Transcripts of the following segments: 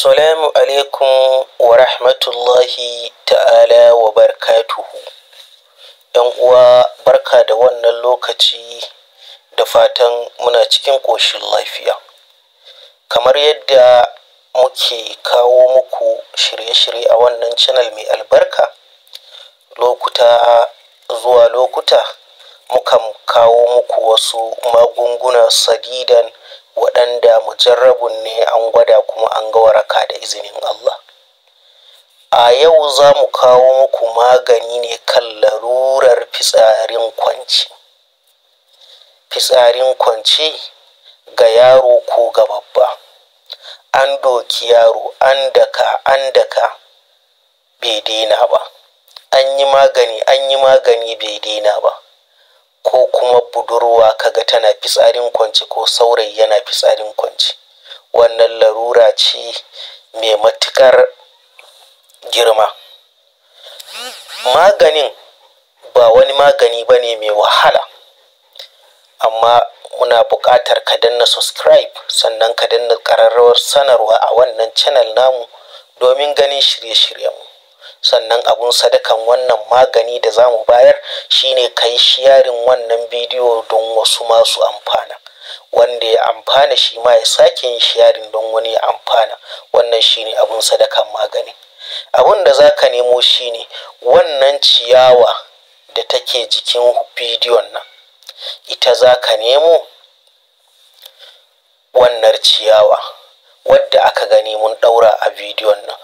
Assalamu alaikum wa rahmatullahi ta'ala wa barkatuhu. ‘Yan uwa barka da wannan lokaci da fatan muna cikin ƙoshin lafiya. Kamar yadda muke kawo muku shirye-shirye a wannan channel mai albarka, lokuta zuwa lokuta mukan kawo muku wasu magunguna sadidan waɗanda mujarrabun ne an gwada kuma an ga waraka da izinin Allah a yau za mu kawo muku magani ne kan larurar fitsarin kwanci fitsarin kwanci ga yaro ko ga babba an doki yaro an daka an daka bai daina ba an yi magani an yi magani bai daina ba ko kuma budurwa kaga tana fitsarin kwanci ko saurayi yana fitsarin kwanci wannan larura ce mai matukar girma maganin ba wani magani ba ne mai wahala amma muna buƙatar ka danna subscribe sannan ka danna ƙararrawar sanarwa a wannan channel namu domin ganin shirye-shiryen sannan abun sadakan wannan magani da za mu bayar shine kai shiyarin wannan bidiyo don wasu masu amfana wanda ya amfana shi ma ya sake yin shiyarin don wani ya amfana wannan shine abun sadakan magani abun da za ka nemo shine wannan ciyawa da take jikin bidiyon nan ita za ka nemo wannan ciyawa wadda aka gani mun daura a bidiyon nan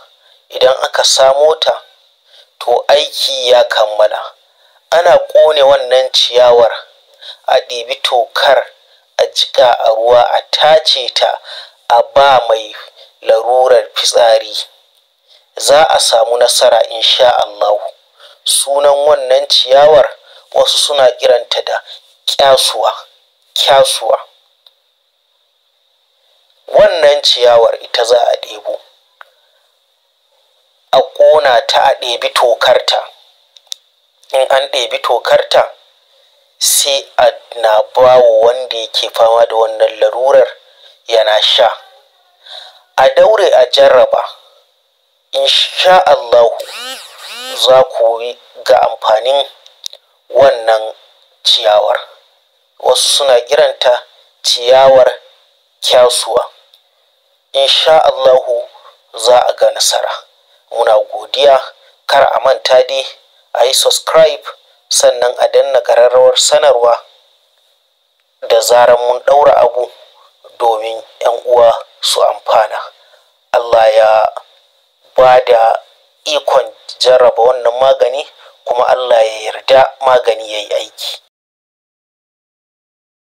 idan aka samo ta to aiki ya kammala ana ƙone wannan ciyawar a ɗibi tokar a jiƙa a ruwa a tace ta a ba mai larurar fitsari za a samu nasara in sha Allah sunan wannan ciyawar wasu suna kiranta da kyasuwa kyasuwa wannan ciyawar ita za a ɗebo a ƙona ta a ɗebi tokarta in an ɗebi tokarta sai a na bawa wanda yake fama da wannan larurar yana sha a daure a jarraba insha Allah za ku ga amfanin wannan ciyawar wasu suna kiranta ciyawar kyasuwa insha Allah za a ga nasara muna godiya kar a manta dai a yi subscribe sannan a danna ƙararrawar sanarwa da zarar mun ɗaura abu domin 'yan uwa su amfana Allah ya ba da ikon jarraba wannan magani kuma Allah ya yarda magani ya yi aiki